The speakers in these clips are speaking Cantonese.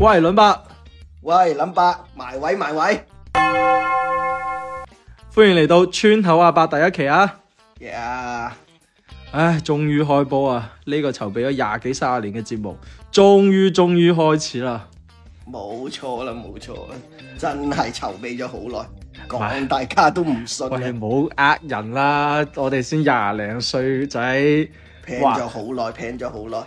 喂，林伯！喂，林伯，埋位埋位！埋歡迎嚟到村口阿伯第一期啊！Yeah. 唉，終於開播啊！呢、呢個籌備咗廿幾卅年嘅節目，終於終於開始啦！冇錯啦，冇錯啊！真係籌備咗好耐，講大家都唔信。我哋冇呃人啦，我哋先廿零歲仔拼咗好耐拼咗好耐。拼哇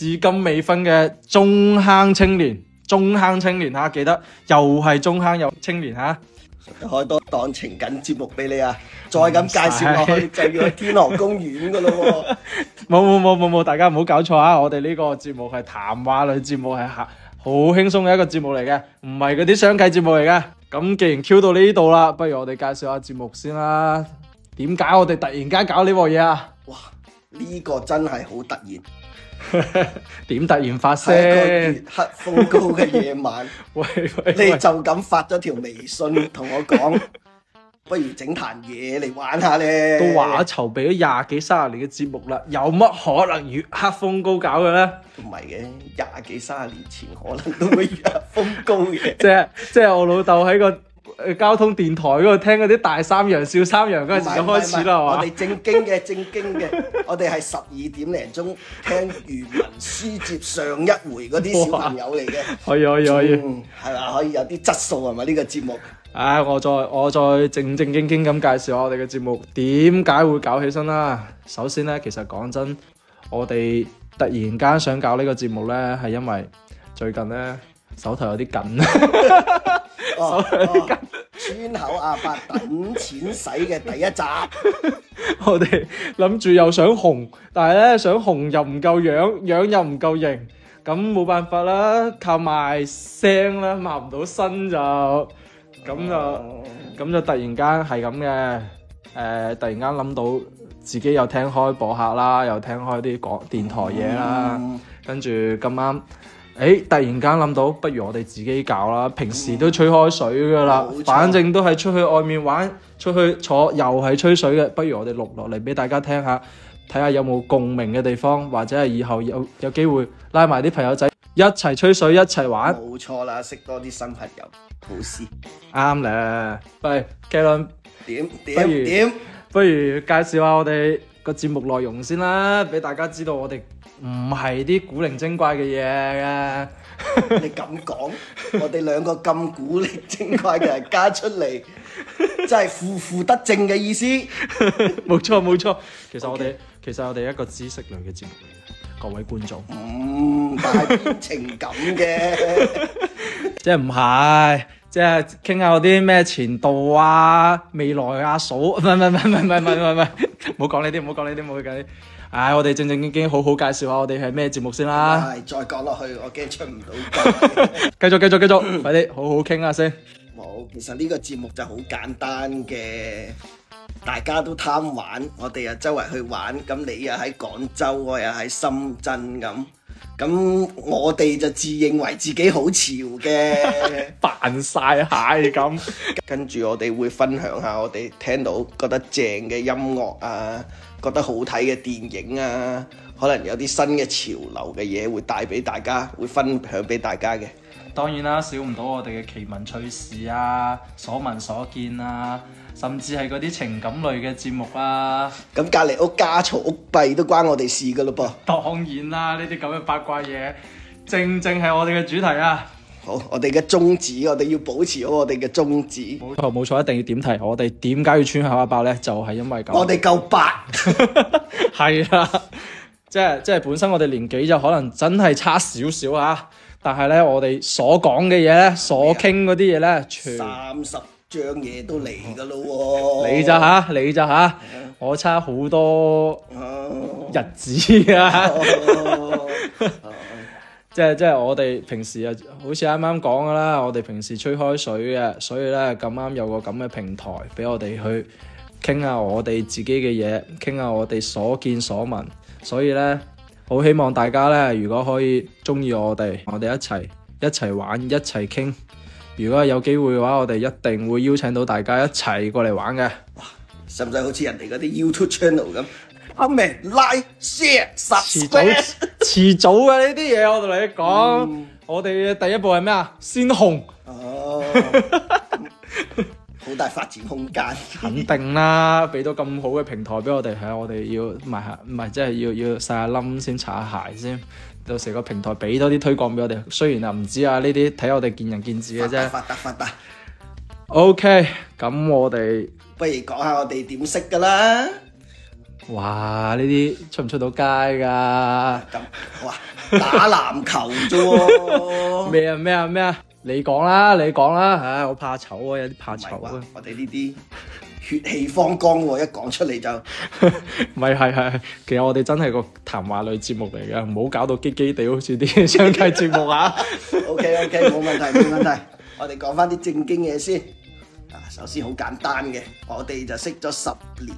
至今未婚嘅中坑青年，中坑青年吓、啊，記得又係中坑有青年吓，啊、開多檔情感節目俾你啊！再咁介紹落去 就要去天河公園噶咯。冇冇冇冇冇，大家唔好搞錯啊！我哋呢個節目係談話類節目，係吓好輕鬆嘅一個節目嚟嘅，唔係嗰啲商計節目嚟嘅。咁既然 Q 到呢度啦，不如我哋介紹下節目先啦。點解我哋突然間搞呢個嘢啊？哇！呢、呢個真係好突然。點 突然發生？哎嗰，個、月黑風高嘅夜晚，喂 喂，喂你就咁發咗條微信同我講， 不如整壇嘢嚟玩下咧？都話籌備咗廿幾三十年嘅節目啦，有乜可能月黑風高搞嘅咧？唔係嘅，廿幾三十年前可能都會月黑風高嘅， 即係即係我老豆喺個。誒交通電台嗰度聽嗰啲大三陽小三陽嗰陣時就開始啦，係嘛？我哋正經嘅正經嘅， 我哋係十二點零鐘聽漁民書接上一回嗰啲小朋友嚟嘅，可以可以可以、嗯，係嘛？可以有啲質素係咪呢個節目？唉，我再我再正正經經咁介紹下我哋嘅節目點解會搞起身啦。首先咧，其實講真，我哋突然間想搞呢個節目咧，係因為最近咧。手頭有啲緊，手頭有啲緊。村口阿伯等錢使嘅第一集，我哋諗住又想紅，但係咧想紅又唔夠樣，樣又唔夠型，咁冇辦法啦，靠賣聲啦，賣唔到身就咁就咁就突然間係咁嘅，誒突然間諗到自己又聽開播客啦，又聽開啲廣電台嘢啦，跟住今晚。誒、欸，突然間諗到，不如我哋自己搞啦。平時都吹開水㗎啦，嗯、反正都係出去外面玩，出去坐又係吹水嘅。不如我哋錄落嚟俾大家聽下，睇下有冇共鳴嘅地方，或者係以後有有機會拉埋啲朋友仔一齊吹水一齊玩。冇錯啦，識多啲新朋友，好事。啱咧，喂，K 倫，點點點，不如 Alan，介紹下我哋個節目內容先啦，俾大家知道我哋。唔係啲古靈精怪嘅嘢嘅，你咁講，我哋兩個咁古靈精怪嘅人加出嚟，即係負負得正嘅意思，冇錯冇錯。其實我哋 Okay. 其實我哋一個知識類嘅節目嚟嘅，各位觀眾，嗯，但係情感嘅，即係唔係，即係傾下嗰啲咩前度啊、未來阿、啊、嫂，唔係唔係唔係唔係唔係唔係唔係唔係，唔好講呢啲，唔好講呢啲，冇計。 唉、哎，我哋正正經經好好介紹下我哋係咩節目先啦。係、哎，再講落去，我驚出唔到。繼 續繼續繼續，繼續 快啲好好傾下先。好，其實呢個節目就好簡單嘅，大家都貪玩，我哋又周圍去玩，咁你又喺廣州，我又喺深圳咁。咁我哋就自認為自己好潮嘅， 扮晒了蟹咁。 跟住我哋會分享下我哋聽到覺得正嘅音樂啊，覺得好睇嘅電影啊，可能有啲新嘅潮流嘅嘢會帶俾大家，會分享俾大家嘅。當然啦，少唔到我哋嘅奇聞趣事啊，所聞所見啊。甚至係嗰啲情感類嘅節目啊，咁隔籬屋家嘈屋閉都關我哋事噶咯噃。當然啦，呢啲咁嘅八卦嘢，正正係我哋嘅主題啊。好，我哋嘅宗旨，我哋要保持好我哋嘅宗旨。冇錯，冇錯，一定要點題。我哋點解要村口阿伯咧？就係、是、因為咁。我哋夠白。係 啊，即係即係本身我哋年紀就可能真係差少少啊，但係咧我哋所講嘅嘢咧，所傾嗰啲嘢咧，全三十。張嘢都嚟噶咯喎！嚟咋吓，嚟咋吓， uh、huh. 我差好多日子啊、 uh！即係即係我哋平時啊，好似啱啱講噶啦，我哋平時吹開水嘅，所以咧咁啱有個咁嘅平台俾我哋去傾下我哋自己嘅嘢，傾下我哋所見所聞，所以咧好希望大家咧，如果可以中意我哋，我哋一齊一齊玩，一齊傾。如果有機會嘅話，我哋一定會邀請到大家一齊過嚟玩嘅。哇，使唔使好似人哋嗰啲 YouTube channel 咁？阿明、like，share，遲早，遲早嘅呢啲嘢，嗯、我同你講，我哋第一步係咩啊？先紅，哦，好 大發展空間， 肯定啦，俾到咁好嘅平台俾我哋，係我哋要，唔係唔係，即係、就是、要要晒下冧先擦下鞋先。到時個平台俾多啲推廣俾我哋，雖然啊唔知啊呢啲睇我哋見仁見智嘅啫。發達發達。OK，咁我哋不如講下我哋點識噶啦。哇！呢啲出唔出到街噶？咁哇，打籃球啫。咩啊咩啊咩啊！你講啦，你講啦。唉，我怕醜啊，有啲怕醜啊。我哋呢啲。血氣方剛喎，一講出嚟，就唔係，係係係。其實我哋真係個談話類節目嚟㗎，唔好搞到激激地，好似啲商界節目啊。OK OK，冇問題冇問題，我哋講翻啲正經嘢先。啊，首先好簡單嘅，我哋就識咗十年。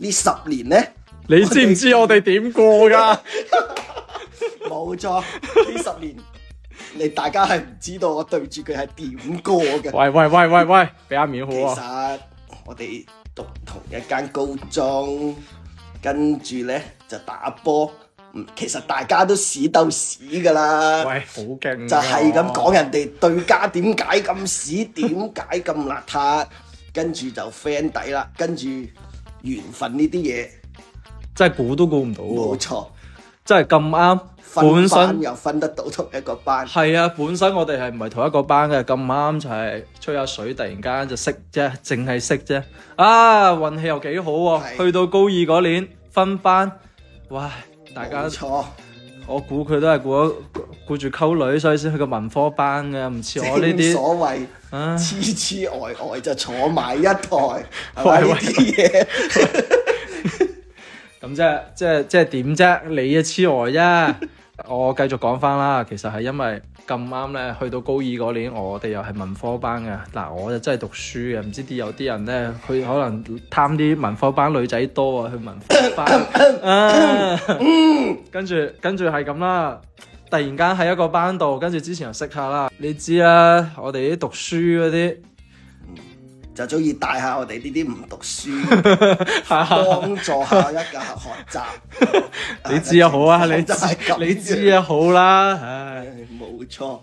呢十年咧，你知唔知我哋點過噶？冇錯，呢十年你大家係唔知道我對住佢係點過嘅。喂喂喂喂喂，俾阿苗好。我哋讀同一間高中，跟住呢就打波。其實大家都屎斗屎噶啦，喂，好勁哦，就係咁講人哋對家點解咁屎，點解咁邋遢，跟住就 friend 底啦，跟住緣分呢啲嘢，真係估都估唔到啊！冇錯。真係咁啱，本身分又分得到同一個班。係啊，本身我哋係唔係同一個班嘅，咁啱就係吹下水，突然間就識啫，淨係識啫。啊，運氣又幾好喎，啊！是去到高二嗰年分班，哇，大家坐。錯我估佢都係估咗顧住溝女，所以先去個文科班嘅，唔似我呢啲。正所謂，啊，痴痴呆呆就坐埋一枱，啲嘢喂喂。喂喂咁即係即係即係點啫？你嘅痴呆啫！ 我繼續講翻啦，其實係因為咁啱咧，去到高二嗰年，我哋又係文科班嘅。嗱，我就真係讀書嘅，唔知啲有啲人咧，佢可能貪啲文科班女仔多啊，去文科班。 啊、跟住跟住係咁啦，突然間喺一個班度，跟住之前又識下啦。你知啦、啊，我哋啲讀書嗰啲。就中意帶下我哋呢啲唔讀書， 幫助下一屆學習。 是你知也好啊，就你知，你知也好啦，唉，冇錯。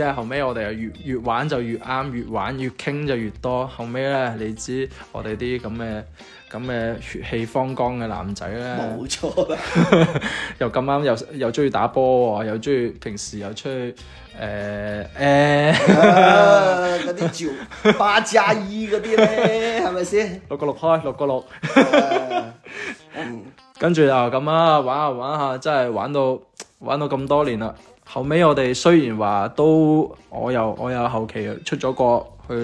即係後尾我哋又越越玩就越啱，越玩越傾就越多。後尾咧，你知我哋啲咁嘅咁嘅血氣方剛嘅男仔咧，冇錯錯 又咁啱又又中意打波，又中意平時又出去誒誒嗰啲叫巴扎衣嗰啲咧，係咪先？六個六開，六個六，跟住啊咁啊玩下玩下，真係玩到玩到咁多年啦。後尾我哋雖然話都，我又我又後期出咗國去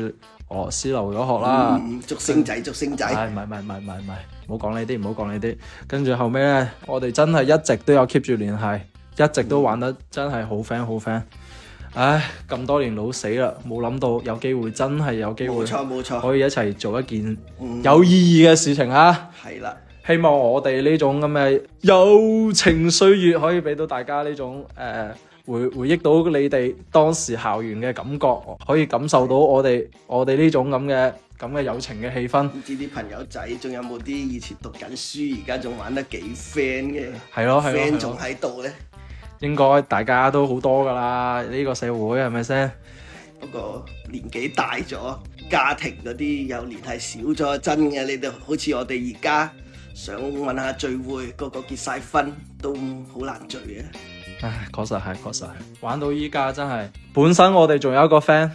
俄羅斯留咗學啦。竹、嗯、升仔，竹那升仔。唔係唔係唔係唔係唔係，唔好講呢啲，唔好講呢啲。跟住後尾咧，我哋真係一直都有 keep 住聯繫，一直都玩得真係好 friend 好 friend。唉，咁多年老死啦，冇諗到有機會真係有機會，冇錯冇錯，可以一齊做一件有意義嘅事情啊！係啦、嗯，希望我哋呢種咁嘅友情歲月可以俾到大家呢種誒。呃回回憶到你哋當時校園嘅感覺，可以感受到我哋我哋呢種咁嘅咁嘅友情嘅氣氛。唔知啲朋友仔仲有冇啲以前讀緊書，而家仲玩得幾 friend 嘅？係咯係咯，friend 仲喺度咧。應該大家都好多㗎喇，呢個社會係咪先？不過年紀大咗，家庭嗰啲又聯繫少咗，真嘅你哋好似我哋而家想揾下聚會，個個結曬婚都好難聚嘅。唉，確實係，確實係。玩到依家真係，本身我哋仲有一個 friend，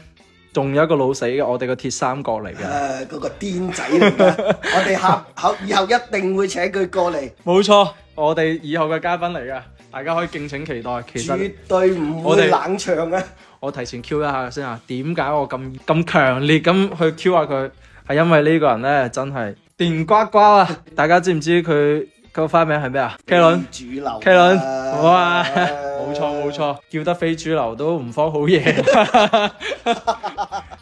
仲有一個老死嘅，我哋個鐵三角嚟嘅。誒、啊，嗰、嗰個癲仔嚟嘅， 我哋合合以後一定會請佢過嚟。冇錯，我哋以後嘅嘉賓嚟嘅，大家可以敬請期待。其實絕對唔會冷場嘅、啊。我提前 Q 一下先啊，點解我咁咁強烈咁去 Q 下佢？係因為呢個人咧，真係叮呱呱啊！大家知唔知佢？佢個花名係咩啊？K 倫，K 倫，好啊，冇錯冇錯，叫得非主流都唔慌好嘢，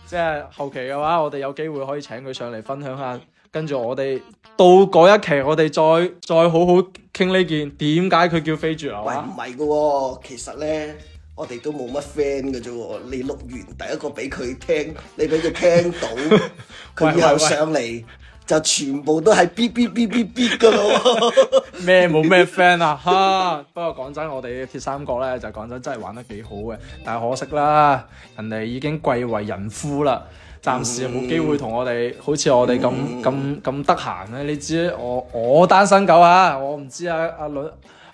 即係後期嘅話，我哋有機會可以請佢上嚟分享下，跟住我哋到嗰一期，我哋再再好好傾呢件，點解佢叫非主流啊？唔係噶，其實咧，我哋都冇乜 friend 嘅啫，你錄完第一個俾佢聽，你俾佢聽到，佢以後上嚟。就全部都係嗶嗶嗶嗶嗶噶咯，咩冇咩 friend 啊吓！ 不過講真，我哋鐵三角咧，就講真真係玩得幾好嘅。但係可惜啦，人哋已經貴為人夫啦，暫時冇機會同我哋好似我哋咁咁咁得閒咧。你知我我單身狗啊，我唔知阿阿女。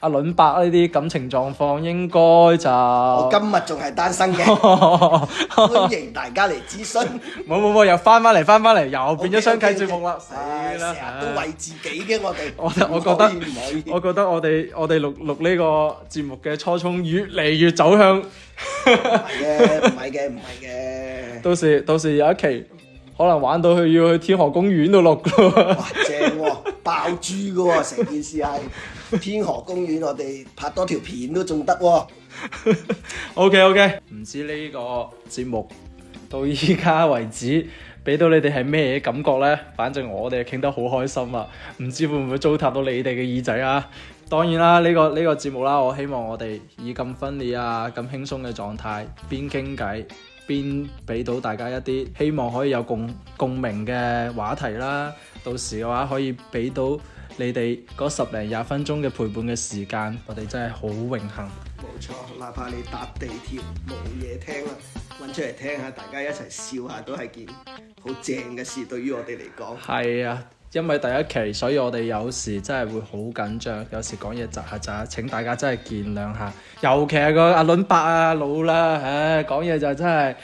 阿倫伯呢啲感情狀況應該就我今日仲係單身嘅，歡迎大家嚟諮詢。冇冇冇，又翻返嚟，翻返嚟，又變咗雙軌節目啦。係啦，成日都為自己嘅我哋。我我覺得，我覺得我哋我哋錄錄呢個節目嘅初衷越嚟越走向唔係嘅，唔係嘅，唔係嘅。到時到時有一期可能玩到去要去天河公園度錄咯。正喎，爆珠嘅喎，成件事係。天河公園，我哋拍多條片都仲得喎。O K O K，唔知呢個節目到依家為止，俾到你哋係咩感覺呢？反正我哋傾得好開心啊！唔知會唔會糟蹋到你哋嘅耳仔啊？當然啦，呢個呢個節目啦，我希望我哋以咁歡樂啊、咁輕鬆嘅狀態，邊傾偈邊俾到大家一啲希望可以有共共鳴嘅話題啦。到時嘅話可以俾到。你哋嗰十零廿分鐘嘅陪伴嘅時間，我哋真係好榮幸。冇錯，哪怕你搭地鐵冇嘢聽啦，揾出嚟聽下，大家一齊笑下都係件好正嘅事。對於我哋嚟講，係啊。因為第一期，所以我哋有時真係會好緊張，有時講嘢窒下窒下。請大家真係見諒下，尤其係個阿倫伯啊老啦，唉講嘢就真係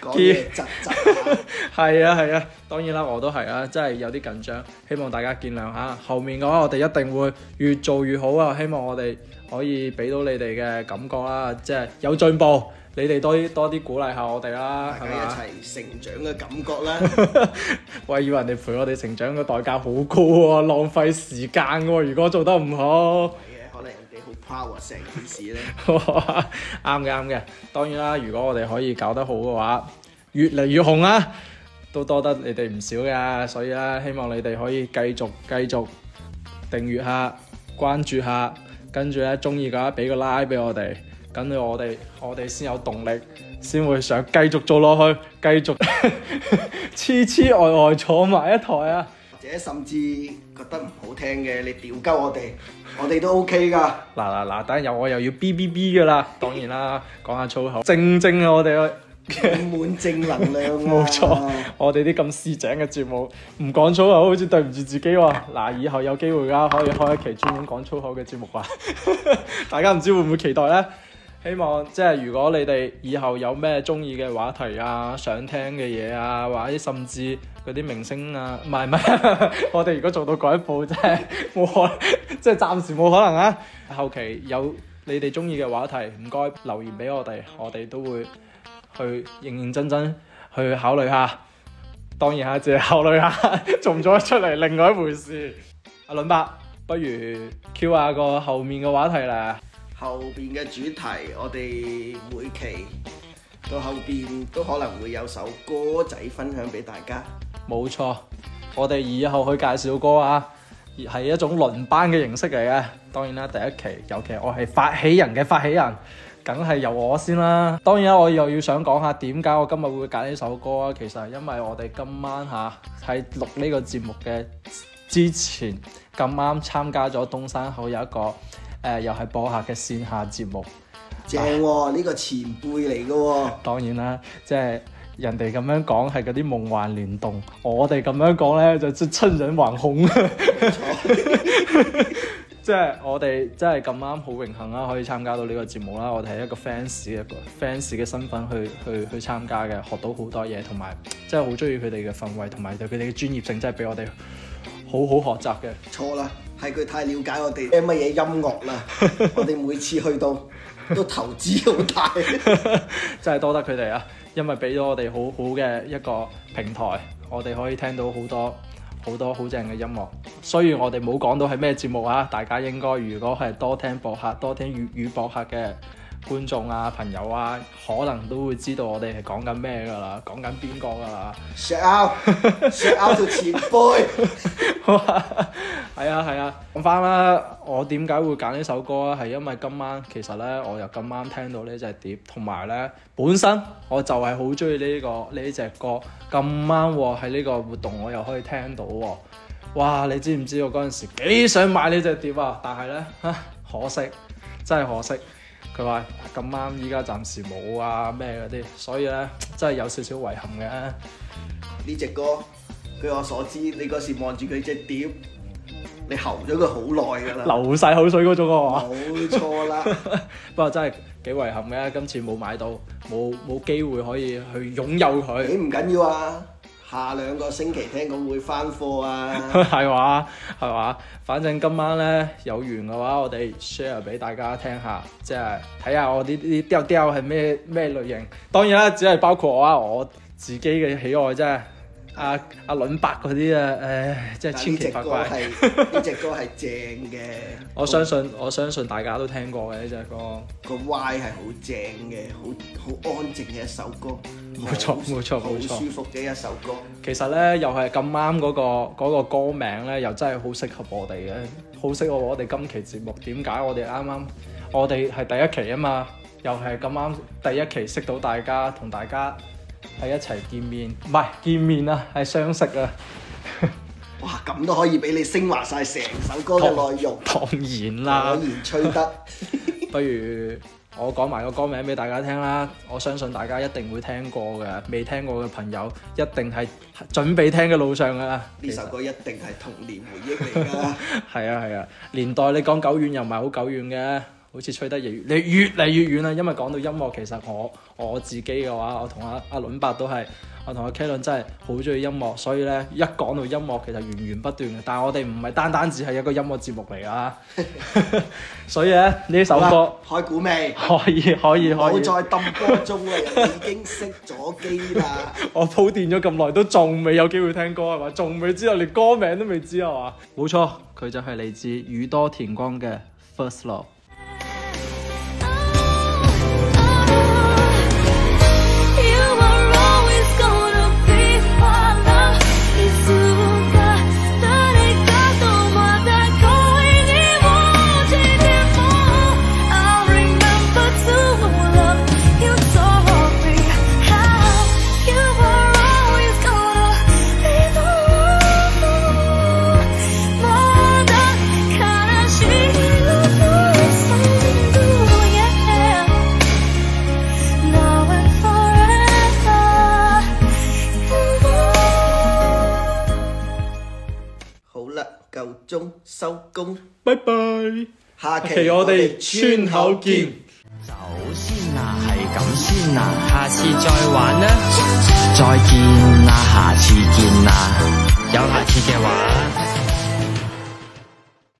講嘢窒窒。係 啊係啊，當然啦，我都係啊，真係有啲緊張，希望大家見諒嚇。後面嘅話，我哋一定會越做越好啊！希望我哋可以俾到你哋嘅感覺啦，即係有進步。你哋多啲多啲鼓勵下我哋啦，係咪一齊成長嘅感覺啦？我 以為人哋陪我哋成長嘅代價好高啊，浪費時間嘅、啊。如果做得唔好，可能人哋好 power 成件事咧。啱嘅， 啱嘅。當然啦，如果我哋可以搞得好嘅話，越嚟越紅啊，都多得你哋唔少噶。所以咧，希望你哋可以繼續繼續訂閱下、關注下，跟住咧中意嘅話俾個 e、like、俾我哋。咁我哋我哋先有動力，先會想繼續做落去，繼續痴 痴呆呆坐埋一台啊！或者甚至覺得唔好聽嘅，你屌鳩我哋，我哋都 OK 㗎。嗱嗱嗱，等陣又我又要、BB、B B B 㗎喇！當然啦，講下粗口，正正啊！我哋啊， 滿正能量啊！冇 錯，我哋啲咁市井嘅節目，唔講粗口好似對唔住自己喎、啊。嗱，以後有機會啊，可以開一期專門講粗口嘅節目啊！ 大家唔知會唔會期待咧？希望即係如果你哋以後有咩中意嘅話題啊，想聽嘅嘢啊，或者甚至嗰啲明星啊，唔係，唔係， 我哋如果做到嗰一步，真係冇可能，即係暫時冇可能啊。後期有你哋中意嘅話題，唔該留言俾我哋，我哋都會去認認真真去考慮下。當然下次考慮下，做唔做得出嚟另外一回事。阿倫伯，不如 Q 下個後面嘅話題啦。後邊嘅主題，我哋每期到後邊都可能會有首歌仔分享俾大家。冇錯，我哋以後去介紹歌啊，係一種輪班嘅形式嚟嘅。當然啦，第一期尤其我係發起人嘅發起人，梗係由我先啦。當然啦，我又要想講下點解我今日會揀呢首歌啊。其實因為我哋今晚吓喺、啊、錄呢個節目嘅之前咁啱參加咗東山口有一個。誒又係播客嘅線下節目，正喎，哦、呢唉個前輩嚟嘅喎。當然啦，即，就，係，是，人哋咁樣講係嗰啲夢幻聯動，我哋咁樣講咧就親，是，人橫恐。即 係沒錯 我哋真係咁啱，好榮幸啦，可以參加到呢個節目啦。我哋係一個 fans 嘅 fans 嘅身份去，嗯、去去參加嘅，學到好多嘢，同埋真係好中意佢哋嘅氛圍，同埋對佢哋嘅專業性真係俾我哋好好學習嘅。錯啦。係佢太了解我哋咩乜嘢音樂啦， 我哋每次去到都，都投資好大， 真係多得佢哋啊！因為俾咗我哋好好嘅一個平台，我哋可以聽到好多好多好正嘅音樂。雖然我哋冇講到係咩節目啊，大家應該如果係多聽播客，多聽粵語播客嘅。觀眾啊，朋友啊，可能都會知道我哋係講緊咩㗎啦，講緊邊個㗎啦？Shout out Shout out. ，Shout out to 前輩，係啊係啊，講返啦，我點解會揀呢首歌啊？係因為今晚其實咧，我又咁啱聽到呢隻碟，同埋咧本身我就係好中意呢個呢隻歌，咁啱喺呢個活動我又可以聽到，哇！你知唔知我嗰陣時幾想買呢隻碟啊？但係咧，啊可惜，真係可惜。佢話咁啱依家暫時冇啊咩嗰啲，所以咧真係有少少遺憾嘅呢隻歌。據我所知，你嗰時望住佢隻碟，你喉咗佢好耐㗎啦，流晒口水嗰種喎、啊。冇錯啦， 不過真係幾遺憾嘅，今次冇買到，冇冇機會可以去擁有佢。你唔緊要啊。下兩個星期聽講會翻貨啊，係話係話，反正今晚呢，有緣嘅話，我哋 share 俾大家聽下，即係睇下我啲啲雕雕係咩咩類型。當然啦，只係包括我啊，我自己嘅喜愛啫。阿阿倫伯嗰啲啊，誒、啊，即、呃、係千奇百怪。呢係呢隻歌係 正嘅。 我相信我相信大家都聽過嘅呢隻歌。個 Y 係好正嘅，好好安靜嘅一首歌。冇錯冇錯冇錯。舒服嘅一首歌。其實呢，又係咁啱嗰個歌名咧，又真係好適合我哋嘅，好適、嗯、合我哋今期節目。點解我哋啱啱我哋係第一期啊嘛？又係咁啱第一期識到大家，同大家。係一齊見面，唔係見面啊，係相識啊！ 哇，咁都可以俾你升華晒成首歌嘅內容，當然啦，當 然吹得。 不如我講埋個歌名俾大家聽啦，我相信大家一定會聽過嘅，未聽過嘅朋友一定係準備聽嘅路上噶啦。呢首歌一定係童年回憶嚟噶，係 啊係啊，啊，年代你講久遠又唔係好久遠嘅。好似吹得越嚟越嚟越遠啦，因為講到音樂，其實我我自己嘅話，我同阿阿倫伯都係，我同阿 K 倫真係好中意音樂，所以咧一講到音樂，其實源源不斷嘅。但係我哋唔係單單只係一個音樂節目嚟㗎， 所以咧呢首歌可以估未？可以可以 可以。唔好再揼波鐘啦，已經熄咗機啦。 我鋪墊咗咁耐，都仲未有機會聽歌係嘛？仲未知道，連歌名都未知係嘛？冇錯，佢就係嚟自宇多田光嘅 First Love。收工，拜拜 bye。下期,下期我哋村口見。走先啦、啊，係咁先啦。下次再玩啦、啊，再、啊、見啦、啊，下次見啦、啊。有下次嘅話。